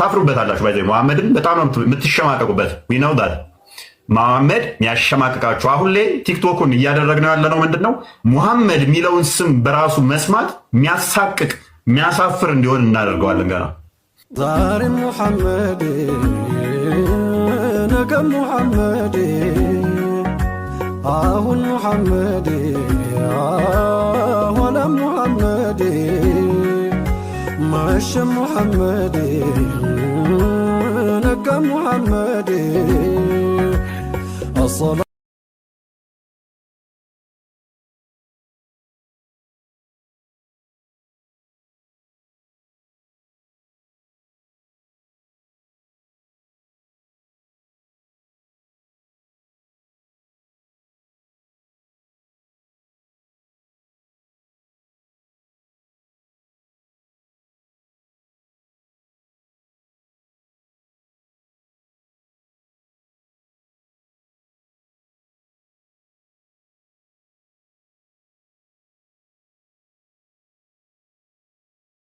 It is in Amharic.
ታፍሩበታላችሁ። ባይዘ መሐመድን በጣም ነው የምትሸማቀቁበት። ነው ዳት መሐመድ የሚያሸማቅቃችሁ አሁን ላይ ቲክቶኩን እያደረግነው ያለነው ምንድን ነው? ሙሐመድ የሚለውን ስም በራሱ መስማት የሚያሳቅቅ የሚያሳፍር እንዲሆን እናደርገዋለን። ገና ዛሬ ሙሐመድ ነገ ሙሐመድ አሁን ሙሐመድ ኋላ ሙሐመድ معش محمدي انا محمدي اصلا